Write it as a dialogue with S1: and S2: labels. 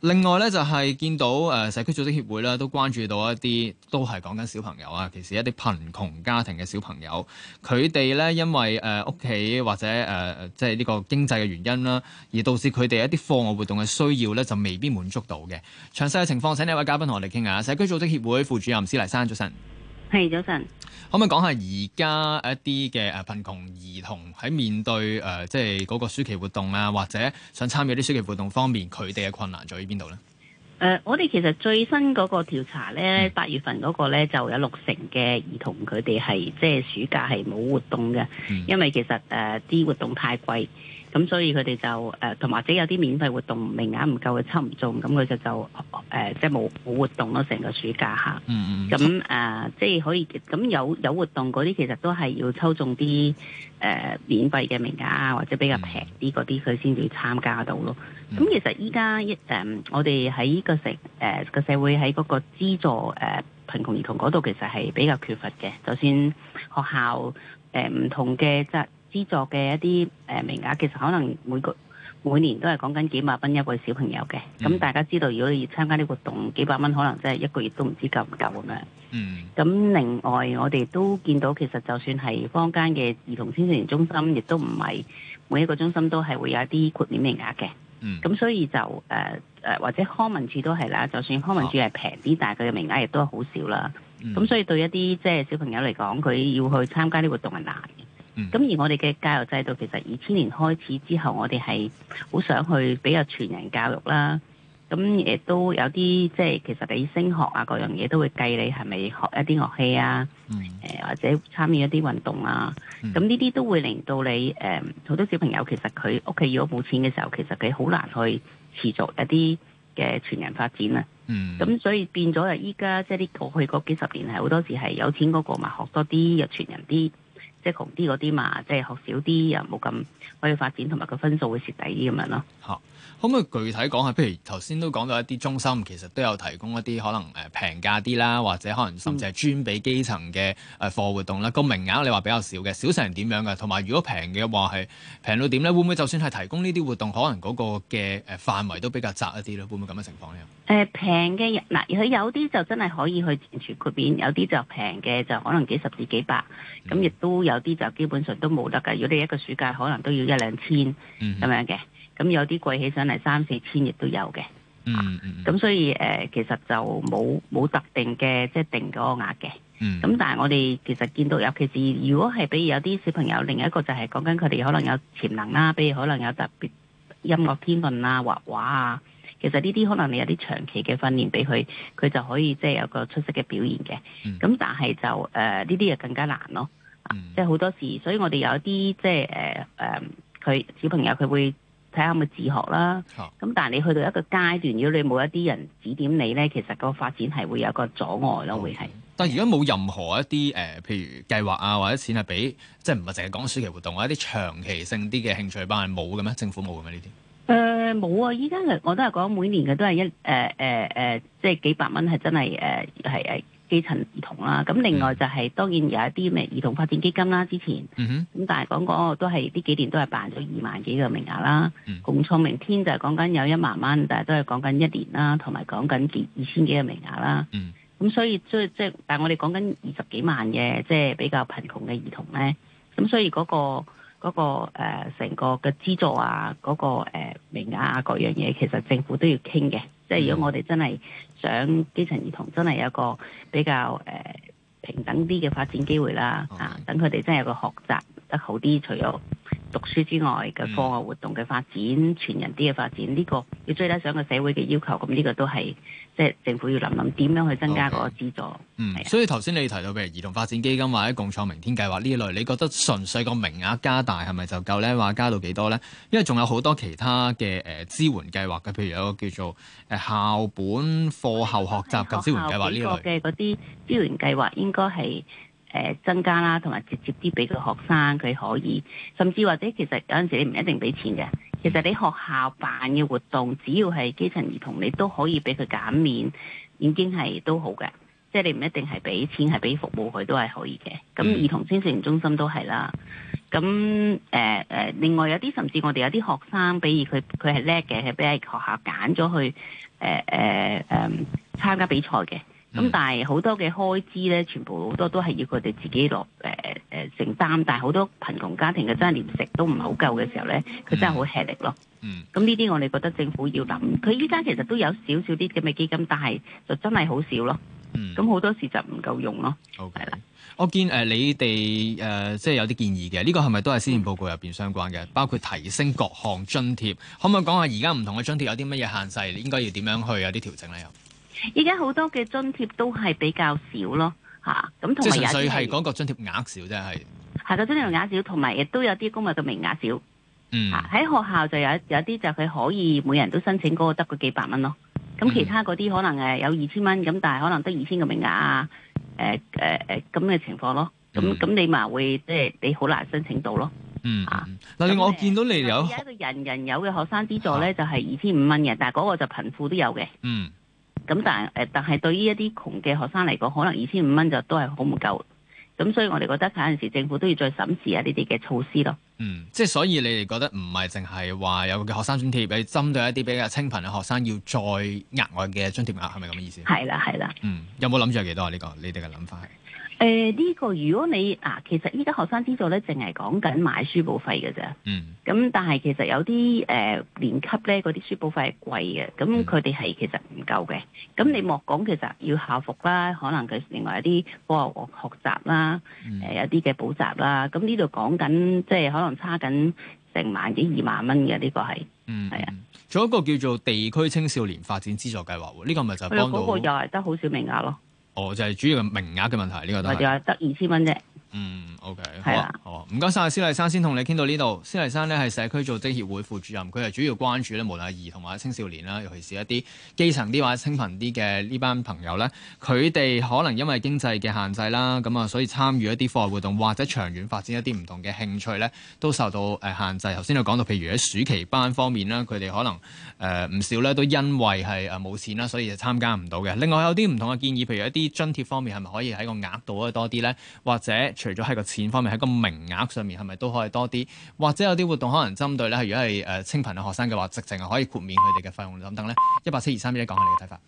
S1: 另外咧就係、是、見到誒、呃、社區組織協會咧都關注到一啲都係講緊小朋友啊，其實一啲貧窮家庭嘅小朋友，佢哋咧因為誒屋企或者誒、呃、即係呢個經濟嘅原因啦，而導致佢哋一啲課外活動嘅需要咧就未必滿足到嘅。詳細嘅情況請呢位嘉賓同我哋傾下。社區組織協會副主任施麗珊早晨。係，早晨。可唔可以講下而家一啲嘅誒貧窮兒童喺面對誒、呃、即係嗰個暑期活動啊，或者想參與啲暑期活動方面，佢哋嘅困難在於邊度
S2: 咧？誒、呃，我哋其實最新嗰個調查咧，八月份嗰個咧就有六成嘅兒童佢哋係即係暑假係冇活動嘅，因為其實誒啲、呃、活動太貴。咁所以佢哋就誒同或者有啲免費活動名額唔夠，佢抽唔中，咁佢就就誒、呃、即係冇冇活動咯，成個暑假嚇、嗯。嗯嗯。咁誒、呃、即係可以，咁有有活動嗰啲其實都係要抽中啲誒、呃、免費嘅名額啊，或者比較平啲嗰啲佢先至參加到咯。咁、嗯、其實依家一誒我哋喺個社誒個社會喺嗰個資助誒、呃、貧窮兒童嗰度其實係比較缺乏嘅。就算學校誒唔同嘅即係。即資助嘅一啲誒名額，其實可能每個每年都係講緊幾萬蚊一個小朋友嘅。咁、嗯、大家知道，如果你要參加啲活動，幾百蚊可能真係一個月都唔知夠唔夠咁樣。嗯。咁另外，我哋都見到其實就算係坊間嘅兒童青少年中心，亦都唔係每一個中心都係會有一啲豁免名額嘅。嗯。咁所以就誒誒、呃，或者康文署都係啦，就算康文署係平啲，但係佢嘅名額亦都好少啦。咁、嗯、所以對一啲即係小朋友嚟講，佢要去參加啲活動係難。咁、嗯、而我哋嘅教育制度，其實二千年開始之後，我哋係好想去比較全人教育啦。咁、嗯、亦、嗯、都有啲即係其實你升學啊，各樣嘢都會計你係咪學一啲樂器啊，誒、呃、或者參與一啲運動啊。咁呢啲都會令到你誒好、呃、多小朋友，其實佢屋企如果冇錢嘅時候，其實佢好難去持續一啲嘅全人發展啊。咁、嗯、所以變咗啊，依家即係呢過去嗰幾十年係好多時係有錢嗰個，咪學多啲又全人啲。即係窮
S1: 啲嗰啲嘛，即係學少啲又冇咁可以發展，同埋個分數會蝕底啲咁樣咯。嚇、嗯，可唔可以具體講下？譬如頭先都講到一啲中心，其實都有提供一啲可能誒平價啲啦，或者可能甚至係專俾基層嘅誒課活動啦。個、嗯、名額你話比較少嘅，少成點樣嘅？同埋如果平嘅話係平到點咧？會唔會就算係提供呢啲活動，可能嗰個嘅誒範圍都比較窄一啲咧？會唔會咁嘅情況咧？
S2: 誒平嘅嗱，佢、呃、有啲就真係可以去全豁免，有啲就平嘅就可能幾十至幾百，咁亦、mm hmm. 都有啲就基本上都冇得㗎。如果你一個暑假可能都要一兩千咁、mm hmm. 樣嘅，咁有啲貴起上嚟三四千亦都有嘅。咁、mm hmm. 啊、所以誒、呃，其實就冇冇特定嘅即係定嗰個額嘅。咁、mm hmm. 但係我哋其實見到，尤其是如果係比如有啲小朋友，另一個就係講緊佢哋可能有潛能啦，比如可能有特別音樂天分啊、畫畫啊。其實呢啲可能你有啲長期嘅訓練俾佢，佢就可以即係有個出色嘅表現嘅。咁、嗯、但係就誒呢啲就更加難咯，嗯、即係好多時。所以我哋有一啲即係誒誒，佢、呃、小朋友佢會睇下有冇自學啦。咁、哦、但係你去到一個階段，如果你冇一啲人指點你呢，其實個發展係會有一個阻礙咯，嗯、會係是。
S1: 但係而家冇任何一啲誒、呃，譬如計劃啊，或者錢係俾，即係唔係淨係講暑期活動，或一啲長期性啲嘅興趣班係冇嘅咩？政府冇嘅咩呢啲？
S2: 誒冇、呃、啊！依家我都係講每年嘅都係一誒誒誒，即係幾百蚊係真係誒係係基層兒童啦。咁另外就係、是、當然有一啲咩兒童發展基金啦。之前咁、mm hmm. 但係講講都係呢幾年都係辦咗二萬幾個名額啦。嗯、mm，共、hmm. 創明天就係講緊有一萬蚊，但係都係講緊一年啦，同埋講緊二千幾個名額啦。咁、mm hmm. 嗯、所以即係即係，但係我哋講緊二十幾萬嘅，即係比較貧窮嘅兒童咧。咁所以嗰、那個。嗰、那個、呃、成個嘅資助啊，嗰、那個、呃、名額啊，各樣嘢其實政府都要傾嘅。即係如果我哋真係想基層兒童真係有個比較誒、呃、平等啲嘅發展機會啦，Okay. 啊，等佢哋真係有個學習得好啲，除咗讀書之外嘅課外活動嘅發展，嗯、全人啲嘅發展，呢、呢個要追得上個社會嘅要求，咁呢個都係即係政府要諗諗點樣去增加嗰個資助。Okay. 的嗯，所以頭先你提
S1: 到譬如兒童發展基金或者共創明天計劃呢類，你覺得純粹個名額加大係咪就夠呢？話加到幾多呢？因為仲有好多其他嘅誒、呃、支援計劃嘅，譬如有個叫做誒、呃、校本課後學習及支援計劃呢類。學校幾個嘅
S2: 嗰啲支援計劃應該係。誒、呃、增加啦，同埋直接啲俾佢學生佢可以，甚至或者其實有陣時你唔一定俾錢嘅，其實你學校辦嘅活動，只要係基層兒童，你都可以俾佢減免，已經係都好嘅。即係你唔一定係俾錢，係俾服務佢都係可以嘅。咁兒童青少年中心都係啦。咁誒誒，另外有啲甚至我哋有啲學生，比如佢佢係叻嘅，係俾喺學校揀咗去誒誒誒參加比賽嘅。咁、嗯、但係好多嘅開支咧，全部好多都係要佢哋自己落誒誒承擔。但係好多貧窮家庭嘅真係連食都唔係好夠嘅時候咧，佢真係好吃力咯。嗯。咁呢啲我哋覺得政府要諗。佢依家其實都有少少啲咁嘅基金，但係就真係好少咯。嗯。咁好多時就唔夠用咯。好 okay，係
S1: 啦。我見誒、呃、你哋誒、呃、即係有啲建議嘅，呢、這個係咪都係施政報告入邊相關嘅？包括提升各項津貼，可唔可以講下而家唔同嘅津貼有啲乜嘢限制？應該要點樣，樣，樣去有啲調整咧？又？
S2: 而家好多嘅津貼都係比較
S1: 少咯，
S2: 吓咁同埋有啲，即係個
S1: 津貼額少啫，係
S2: 係個津貼額少，同埋亦都有啲公屋嘅名額少。嗯，喺、啊、學校就有有啲就佢可以每人都申請嗰個得嗰幾百蚊咯。咁其他嗰啲可能誒有二千蚊，咁但係可能得二千個名額啊，誒誒誒咁嘅情況咯。咁咁、嗯、你咪會即係你好難申請到咯。嗯，啊嗱，嗯、那
S1: 你我見到你有
S2: 一個人人有嘅學生資助咧，就係二千五蚊嘅，但係嗰個就貧富都有嘅。嗯。咁但係誒，但係對於一啲窮嘅學生嚟講，可能二千五蚊就都係好唔夠。咁所以我哋覺得有陣時政府都要再審視下呢啲嘅措施咯。嗯，
S1: 即係所以你哋覺得唔係淨係話有個嘅學生津貼，要針對一啲比較清貧嘅學生要再額外嘅津貼額，係咪咁嘅意思？係啦，係啦。嗯，有冇諗住有幾多啊？呢、這個你哋嘅諗法係？
S2: 誒，呢、呃這個如果你嗱、啊，其實依家學生資助咧，淨係講緊買書簿費嘅啫。嗯。咁但係其實有啲誒、呃、年級咧，嗰啲書簿費係貴嘅，咁佢哋係其實唔夠嘅。咁、嗯、你莫講，其實要校服啦，可能佢另外一啲課外學學習啦，
S1: 誒、嗯呃，有啲
S2: 嘅補習啦。咁呢度講緊，即係可能差緊成萬幾二萬蚊嘅呢個係。嗯，
S1: 係啊。仲有一個叫做地區青少年發展資助計劃，呢、這個咪就係幫到。又
S2: 係得好少名額咯。
S1: 哦，就係、是、主要嘅名額嘅問題，呢、這個都係，得
S2: 二千蚊啫。
S1: 嗯，OK，的好啊，好啊，唔該晒。施麗珊先同你傾到呢度。施麗珊呢係社區組織協會副主任，佢係主要關注咧，無論兒童或者青少年啦，尤其是一啲基層啲或者清貧啲嘅呢班朋友咧，佢哋可能因為經濟嘅限制啦，咁啊，所以參與一啲課外活動或者長遠發展一啲唔同嘅興趣咧，都受到誒限制。頭先有講到，譬如喺暑期班方面啦，佢哋可能誒唔、呃、少咧都因為係誒冇錢啦，所以就參加唔到嘅。另外有啲唔同嘅建議，譬如一啲津貼方面係咪可以喺個額度啊多啲咧，或者？除咗喺個錢方面，喺個名額上面，係咪都可以多啲？或者有啲活動可能針對咧，係如果係誒清貧嘅學生嘅話，直情係可以豁免佢哋嘅費用等等咧。一八七二三一，講下你嘅睇法。